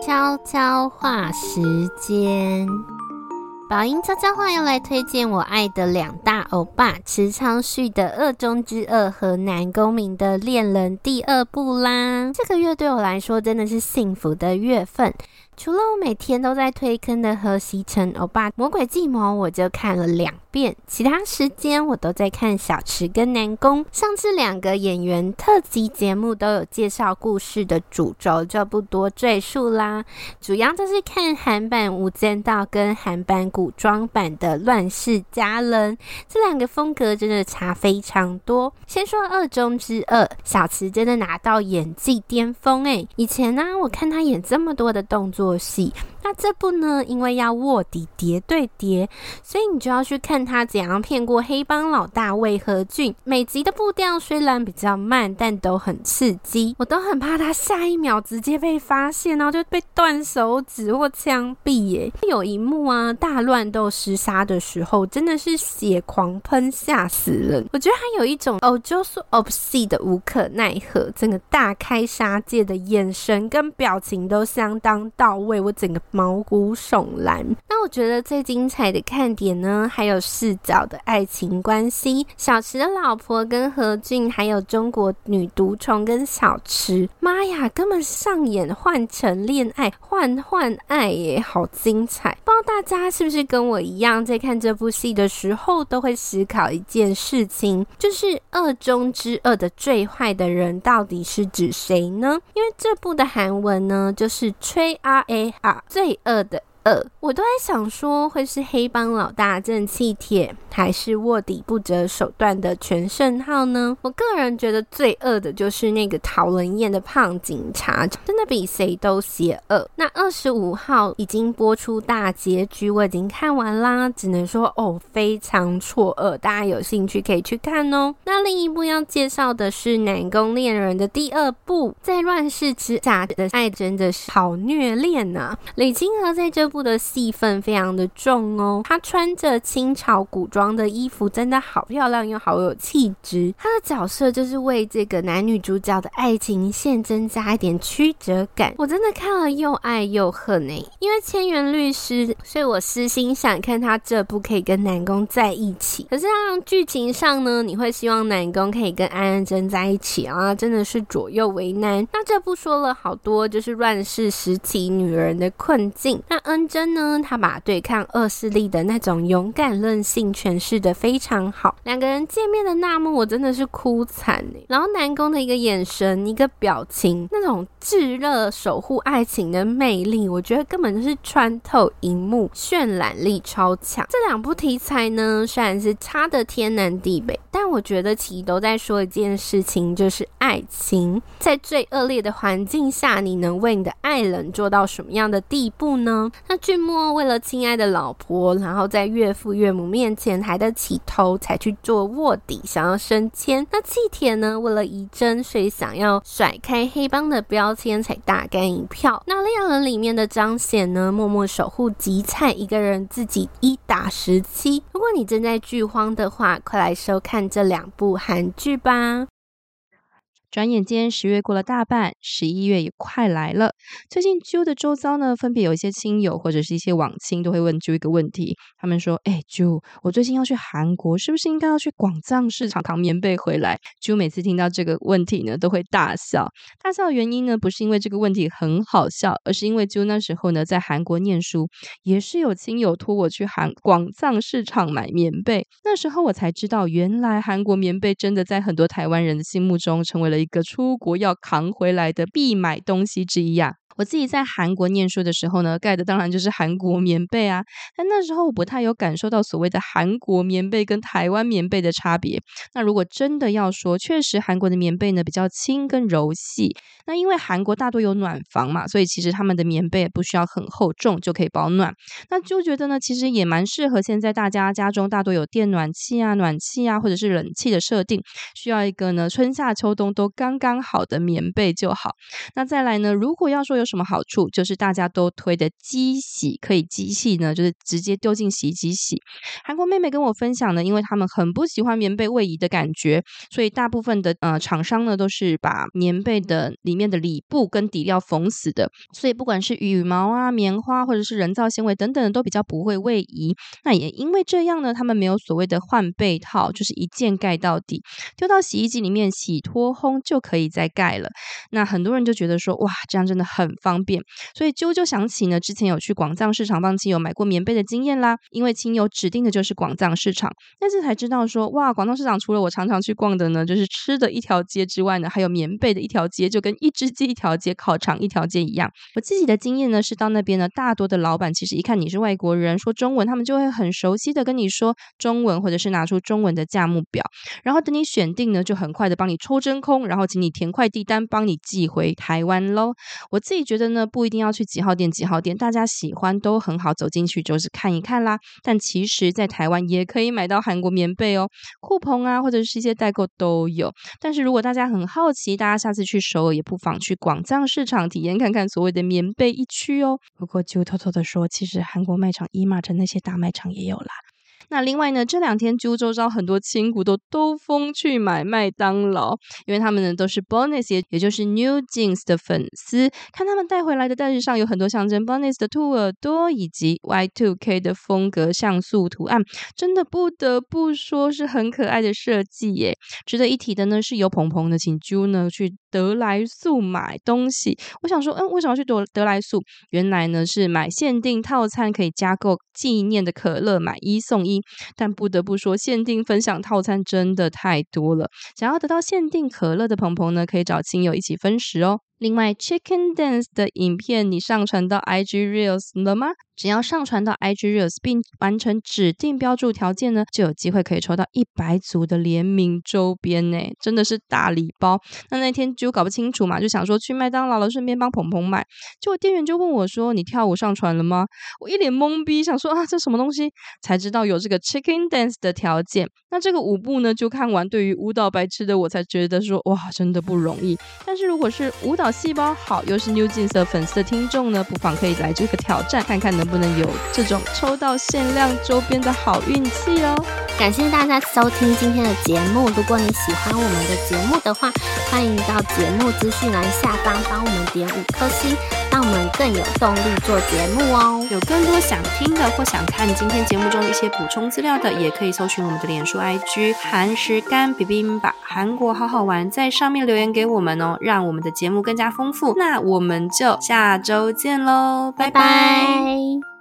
悄悄話時間，寶音悄悄話要來推薦我愛的兩大歐巴池昌旭的《惡中之惡》和南宮珉的《戀人》第二部啦。這個月對我來說真的是幸福的月份。除了我每天都在推坑的《河錫辰歐巴魔鬼計謀》，我就看了兩遍。其他時間我都在看小池跟南宮，上次兩個演員特輯節目都有介紹故事的主軸，就不多贅述啦。主要就是看韓版《無間道》跟韓版古裝版的《亂世佳人》，這兩個風格真的差非常多。先說惡中之惡，小池真的拿到演技巔峰誒、欸，以前呢、啊，我看他演這麼多的動作戲，那這部呢？因為要臥底疊對疊，所以你就要去看他怎樣騙過黑幫老大魏和俊。每集的步調雖然比較慢，但都很刺激，我都很怕他下一秒直接被發現、啊，然後就被斷手指或槍斃耶。有一幕啊，大亂鬥廝殺的時候，真的是血狂噴，嚇死人。我覺得他有一種《哦，就是 obs 的無可奈何，整個大開殺戒的眼神跟表情都相當到。為我整個毛骨悚然。那我覺得最精彩的看點呢，還有四角的愛情關係，小池的老婆跟何俊，還有中國女毒蟲跟小池。媽呀，根本上演換乘戀愛、換換愛耶，好精彩！不知道大家是不是跟我一樣，在看這部戲的時候，都會思考一件事情，就是《惡中之惡》的最壞的人到底是指誰呢？因為這部的韓文呢，就是吹啊。A 啊，罪惡的。呃，我都在想說會是黑幫老大正氣鐵，還是臥底不擇手段的全勝號呢？我個人覺得最惡的就是那個討人厭的胖警察，真的比誰都邪惡。那二十五號已經播出大結局，我已經看完啦，只能說哦，非常錯愕，大家有興趣可以去看哦，喔。那另一部要介紹的是南宮珉《戀人》的第二部，在亂世之下的愛真的是好虐戀啊！李清娥在這部的戲份非常的重哦，她穿着清朝古裝的衣服，真的好漂亮又好有氣質。她的角色就是為這個男女主角的愛情線增加一點曲折感。我真的看了又愛又恨哎、欸，因為千元律師所以我私心想看她這部可以跟南宮在一起，可是讓劇情上呢，你會希望南宮可以跟安安珍在一起啊，真的是左右為難。那這部說了好多就是亂世時期女人的困境，那嗯。真呢，他把對抗惡勢力的那種勇敢韌性詮釋得非常好。兩個人見面的那幕，我真的是哭慘、欸。然後南宮的一個眼神、一個表情，那種炙熱守護愛情的魅力，我覺得根本就是穿透熒幕，渲染力超強。這兩部題材呢，雖然是差得天南地北，但我覺得其實都在說一件事情，就是愛情在最惡劣的環境下，你能為你的愛人做到什麼樣的地步呢？那俊模為了親愛的老婆，然後在岳父岳母面前抬得起頭，才去做臥底，想要升遷。那基哲呢，為了義貞，所以想要甩開黑幫的標籤，才大幹一票。那戀人裡面的張賢呢，默默守護吉彩一個人，自己一打十七。如果你正在劇荒的話，快來收看這兩部韓劇吧。轉眼間十月過了大半，十一月也快來了。最近啾的周遭呢，分別有一些親友或者是一些網親都會問啾一個問題，他們說：“哎，啾，我最近要去韓國，是不是應該要去廣藏市場扛棉被回來？”啾每次聽到這個問題呢，都會大笑。大笑的原因呢，不是因為這個問題很好笑，而是因為啾那時候呢在韓國念書，也是有親友托我去韓廣藏市場買棉被。那時候我才知道，原來韓國棉被真的在很多台灣人的心目中成為了。一個出國要扛回來的必買東西之一呀。我自己在韓國念書的時候呢，蓋的當然就是韓國棉被啊。但那時候我不太有感受到所謂的韓國棉被跟台灣棉被的差別。那如果真的要說，確實韓國的棉被呢比較輕跟柔細。那因為韓國大多有暖房嘛，所以其實他們的棉被不需要很厚重就可以保暖。那就覺得呢，其實也蠻適合現在大家家中大多有電暖氣啊、暖氣啊或者是冷氣的設定，需要一個呢春夏秋冬都剛剛好的棉被就好。那再來呢，如果要說有什麼好處？就是大家都推的機洗，可以機洗呢，就是直接丟進洗衣機洗。韓國妹妹跟我分享呢，因為他們很不喜歡棉被位移的感覺，所以大部分的呃廠商呢都是把棉被的裡面的裡布跟底料縫死的，所以不管是羽毛啊、棉花或者是人造纖維等等的，都比較不會位移。那也因為這樣呢，他們沒有所謂的換被套，就是一件蓋到底，丟到洗衣機裡面洗脫烘就可以再蓋了。那很多人就覺得說，哇，這樣真的很方便，所以啾啾想起呢，之前有去廣藏市場幫親友買過棉被的經驗啦。因為親友指定的就是廣藏市場，但是才知道說，哇，廣藏市場除了我常常去逛的呢，就是吃的一條街之外呢，還有棉被的一條街，就跟一隻雞一條街、烤腸一條街一樣。我自己的經驗呢，是到那邊呢，大多的老板其實一看你是外國人，說中文，他們就會很熟悉的跟你說中文，或者是拿出中文的價目表，然後等你選定呢，就很快的幫你抽真空，然後請你填快遞單，幫你寄回台灣嘍。我自己。覺得呢，不一定要去幾號店幾號店，大家喜歡都很好，走進去就是看一看啦。但其實，在台灣也可以買到韓國棉被哦，酷朋啊，或者是一些代購都有。但是如果大家很好奇，大家下次去首爾也不妨去廣藏市場體驗看看所謂的棉被一區哦。不過就偷偷的說，其實韓國賣場 E Mart 那些大賣場也有啦。那另外呢，這兩天啾周遭很多親骨都兜風去買麥當勞，因為他們呢都是 Bonus 也，也就是 New Jeans 的粉絲，看他們帶回來的袋子上有很多象徵 Bonus 的兔耳朵以及 Y2K 的風格像素圖案，真的不得不說是很可愛的設計耶。值得一提的呢，是由鵬鵬的請呢，請啾呢去得來速買東西。我想說，嗯，為什麼去得得來速？原來呢是買限定套餐可以加購紀念的可樂，買一送一。但不得不說，限定分享套餐真的太多了。想要得到限定可樂的朋友呢，可以找親友一起分食哦。另外，Chicken Dance 的影片你上傳到 IG Reels 了嗎？只要上傳到 IG Reels 並完成指定標註條件呢，就有機會可以抽到一百組的聯名週邊呢，真的是大禮包。那那天就搞不清楚嘛，就想說去麥當勞了，順便幫鵬鵬買。結果店員就問我說：“你跳舞上傳了嗎？”我一臉懵逼，想說啊，這什麼東西？才知道有這個 Chicken Dance 的條件。那這個舞步呢，就看完對於舞蹈白痴的我才覺得說哇，真的不容易。但是如果是舞蹈細胞好，又是 New Jeans 粉絲的聽眾呢，不妨可以來這個挑戰，看看能。不能有這種抽到限量周邊的好運氣哦！感謝大家收聽今天的節目。如果你喜歡我們的節目的話，歡迎到節目資訊欄下方幫我們點五顆星。讓我們更有動力做節目哦！有更多想聽的或想看今天節目中的一些補充資料的，也可以搜尋我們的臉書 IG 韓食柑 bibimbap，韓國好好玩，在上面留言給我們哦，讓我們的節目更加豐富。那我們就下周見嘍，拜拜！拜拜